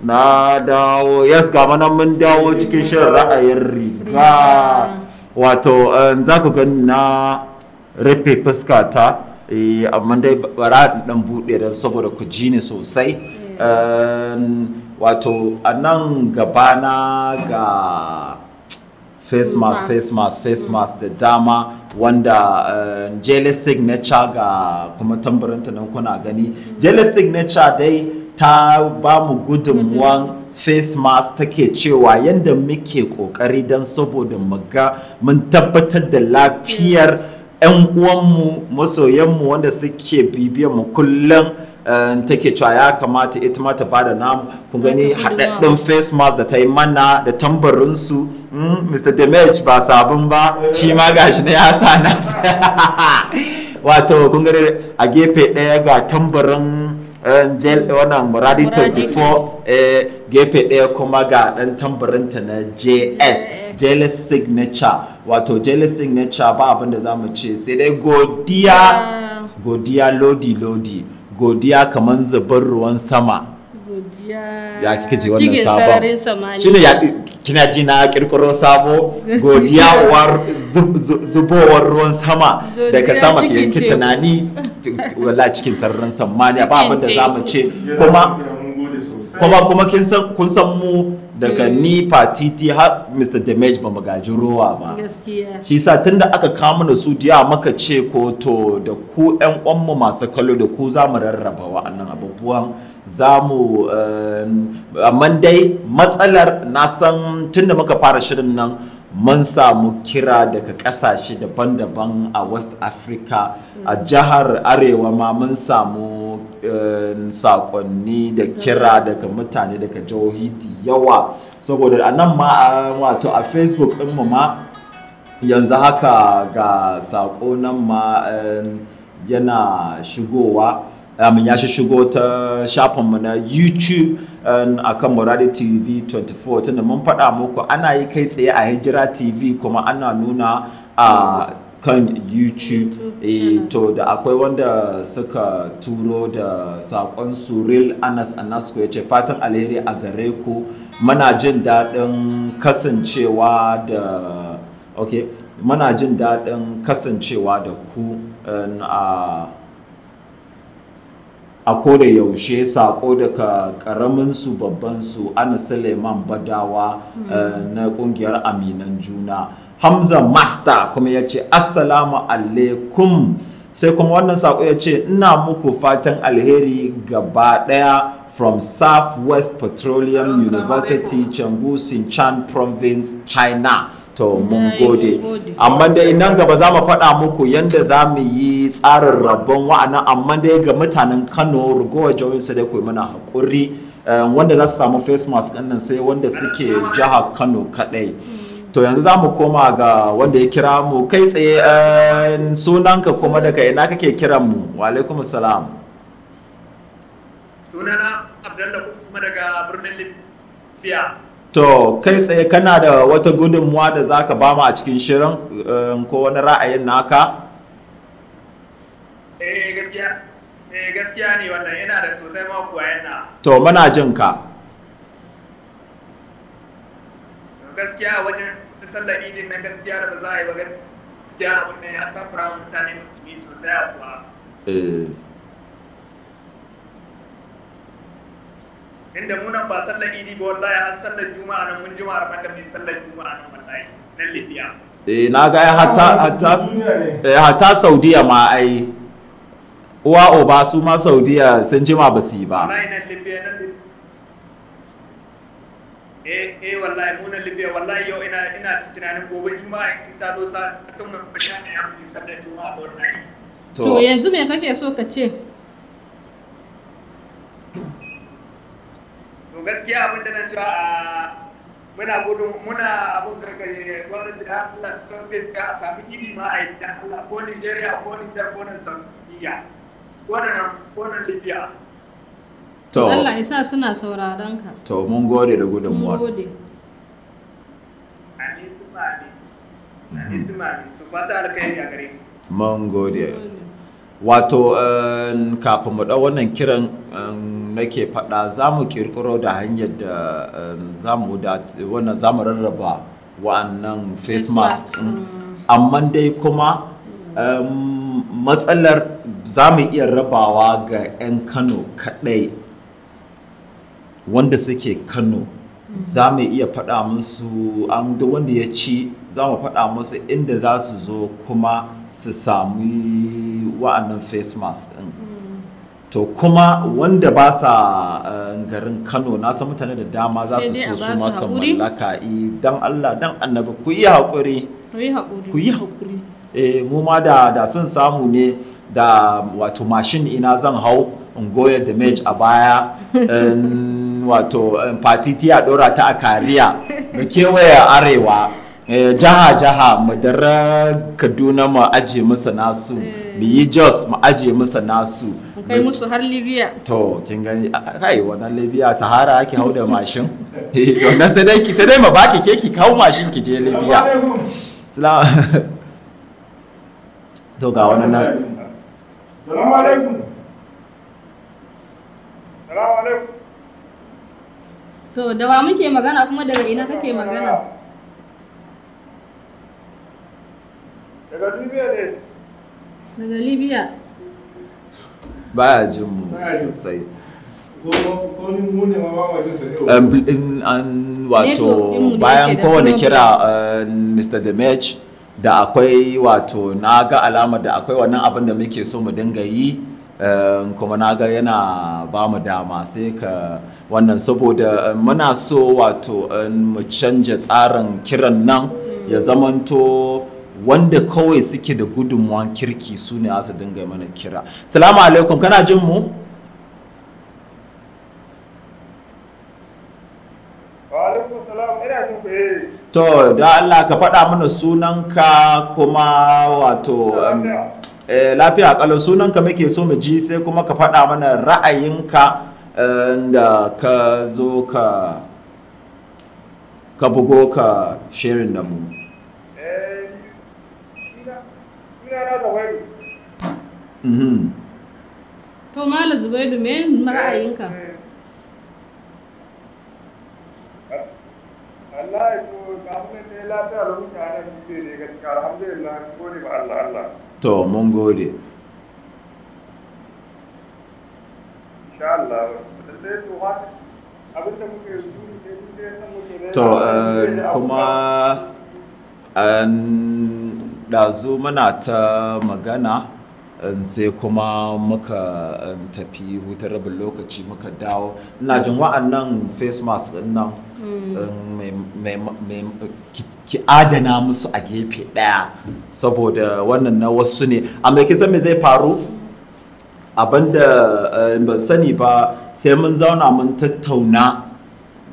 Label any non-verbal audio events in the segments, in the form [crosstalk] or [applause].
na dawo yes ga manan mun dawo cikin shan ra'ayin riba wato um, za ku gani na rufe fuska ta eh, amma dai bara dan buɗe don saboda ku ji ni sosai um, wato a nan gabana ga face mask face mask face mask da dama wanda um, jealous signature ga kuma tambarinta nan kuna gani jealous signature dai ta ba mu gudunmuwan face mask take cewa yadda muke kokari don saboda muga mun tabbatar da lafiyar 'yan uwanmu masoyanmu wanda suke bibiyar mu kullum eh, take cewa ya kamata ita ma ta bada namu kun gani hadaddun face mask da ta yi mana da tambarinsu mr hmm, damage ba sabon ba shi ma gashi na ya sa nasa [laughs] wato kun gani a gefe ɗaya ga tambarin Eh, jel eh, wannan muradi 34 eh, gefe ɗaya kuma ga ɗan tambarinta na js jealous signature wato jealous signature ba abinda za mu ce sai dai godiya ah. godiya lodi lodi godiya kamar zubar ruwan sama ya kika ji wannan sabon shine ya kina ji na kirkiro sabo godiya zubowar ruwan sama daga sama ke yanki tunani wala cikin sararin samaniya ba abin da zamu ce kuma kuma kuma kin san kun san mu daga eh. ni fatiti har Mr. Damage ba gaji rowa ba gaskiya shi sa tunda aka kawo mana su diya maka ce ko to da ku ƴan uwanmu masu kallo da ku zamu rarraba wa. annan abubuwan zamu eh, amma dai matsalar na san da muka fara shirin nan mun samu kira daga kasashe daban-daban a west africa a mm. jihar arewa ma mun samu eh, sakonni da mm. kira daga mutane daga jihohi yawa saboda a nan ma wato a facebook mu ma yanzu haka ga sako nan ma eh, yana shigowa ya shigo ta shafinmu na youtube akan muradi tv 24 tunda mun faɗa muku ana yi kai tsaye a hijira tv kuma ana nuna a kan youtube eh, to da akwai wanda suka turo da sakon suril anas anasko ya ce fatan alheri a gare ku muna jin daɗin kasancewa da ok muna jin daɗin kasancewa da ku eh, a a koda yaushe sako daga karamin su babban su ana suleiman badawa hmm. eh, na kungiyar aminan juna hamza master kuma ya ce assalamu alaikum sai kuma wannan sako ya ce ina muku fatan alheri gaba daya from west petroleum university changu sinchan province china to mun gode amma dai nan gaba za mu faɗa muku yadda za mu yi tsarin rabon wa'ana amma dai ga mutanen kano rugowa su dai ku mana haƙuri eh, wanda za su samu face mask nan sai wanda suke jiha kano kaɗai to yanzu za mu koma ga wanda ya kira mu kai tsaye eh, sunanka kuma daga ina kake kiran mu wa alaikum salam sunana abdullahi kuma daga birnin libya to kai tsaye kana da wata gudunmuwa da za ka ba mu a cikin shirin um, ko wani ra'ayin naka eh gaskiya eh gaskiya ne wannan yana da sosai ma yana to muna jin ka gaskiya wajen sallar idin na gaskiya da ba za a yi ba gaskiya abin da ya tafura mutane mutumi sosai a kuwa eh inda munan ba sallar idi ba wallahi an sallar juma'a nan mun juma'a ban da mun sallar juma'a nan wallahi nan libya eh na ga ya hatta hatta eh hatta saudiya ma ai uwa oba su ma saudiya sun jima ba su yi ba wallahi nan libya nan eh eh wallahi munan libya wallahi yau ina ina tunanin gobe juma'a in ta zo ta tun mun fasha ne ya mun sallar juma'a ba wallahi to yanzu me kake so ka ce gaskiya abin da na cewa a muna gudun muna abin gargare eh, gwamnati da Allah sun fi a sami gini ma a yi da Allah ko Nigeria ko Nigeria ko nan Saudiya ko nan ko nan Libya. To Allah ya sa suna sauraron ka. To mun gode da gudun gudunmuwa. Mun gode. Ani tuma Ani tuma ne. Su fata alkhairi a gare. Mun gode. wato eh, kafin mu ɗau wannan kiran eh, nake faɗa za mu ƙirƙiro da hanyar da eh, za mu wannan rarraba wa'annan face mask mm. amma dai kuma matsalar za mu iya rabawa ga 'yan kano kaɗai wanda suke kano mm-hmm. za mu iya faɗa musu an wanda ya ci za mu faɗa musu inda za su zo kuma su sami wa'annan face mask din to kuma wanda ba sa eh, garin kano na san mutane da dama za su so su masa mallaka eh, dan allah dan annabi ku yi haƙuri ku yi haƙuri eh, mu ma da sun samu ne da wato mashin ina zan hau in goya damage a baya wato fatiti a ɗora ta a kariya da kewaye arewa Eh, jaha jaha mu dara kaduna mu aje musu nasu eh. mu yi jos mu aje musu nasu kai musu har libya to kin gani kai wannan libya sahara ake hau da mashin sannan [laughs] eh, sai dai sai dai ma baki ke ki kawo mashin ki je libya [laughs] to ga wannan na salamu alaikum salamu alaikum to da wa muke magana kuma daga ina kake magana daga libya baya jin mu sosai wato bayan kowane kira mr um, demech da akwai wato na ga alama da akwai wannan abin da muke so mu dinga yi um, kuma na ga yana ba mu dama sai ka wannan saboda um, muna so wato mu canja tsarin kiran nan ya zamanto wanda kawai suke da gudunmuwan kirki su ne su dinga mana kira salamu alaikum kana jin mu eh. to da Allah ka faɗa mana sunanka kuma wato um, lafiya kalau eh, sunanka muke so mu ji sai kuma ka faɗa mana ra'ayinka eh, da ka zo ka bugo ka shirin da mu. da to malam zubairu me ra'ayinka Allah ya ne lafiya da mutane su ne alhamdulillah ba Allah Allah to mun gode insha Allah sai to kuma an ɗazu muna ta magana eh, sai kuma muka eh, tafi hutar rabin lokaci muka dawo ina jin wa'annan face mask nan hmm. eh, ki adana musu a gefe ɗaya saboda wannan na wasu ne amma ki san me zai faru abinda ban sani ba sai mun zauna mun tattauna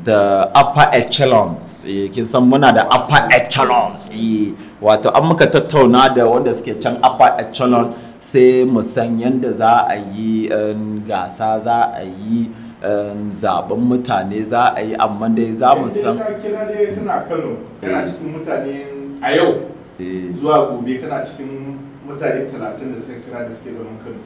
the upper echelons eh, kin san muna da upper echelons eh, wato an muka tattauna da wanda suke can upper echelon sai mu san yadda za a yi um, gasa za a yi um, zaben mutane za a yi amma dai za mu san kira dai kana kano kana eh. cikin mutane a yau zuwa gobe kana cikin mutane talatin da suka kira da suke zaman kano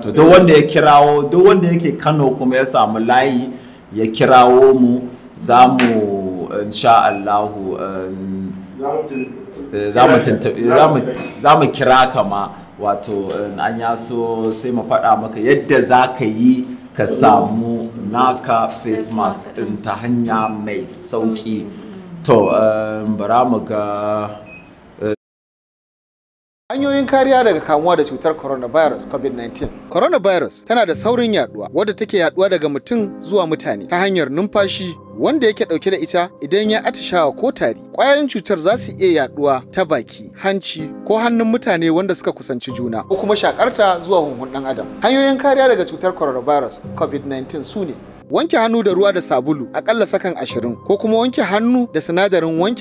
to duk wanda ya kirawo duk wanda yake kano kuma ya samu layi ya kirawo mu za mu insha Allahu um, eh, za mu kira kama wato um, an ya so sai mu faɗa maka yadda za ka yi ka samu naka face mask ta hanya mai sauƙi to um, bara mu ga Hanyoyin kariya daga kamuwa da cutar coronavirus COVID-19. Coronavirus tana da saurin yaduwa wadda take yaduwa daga mutum zuwa mutane ta hanyar numfashi wanda yake dauke da ita idan ya atishawa ko tari ƙwayoyin cutar za su iya yaduwa ta baki hanci ko hannun mutane wanda suka kusanci juna ko kuma shakarta zuwa hunhun dan adam hanyoyin kariya daga cutar coronavirus covid-19 su ne wanke hannu da ruwa da sabulu akalla sakan ashirin ko kuma wanke hannu da sinadarin wanke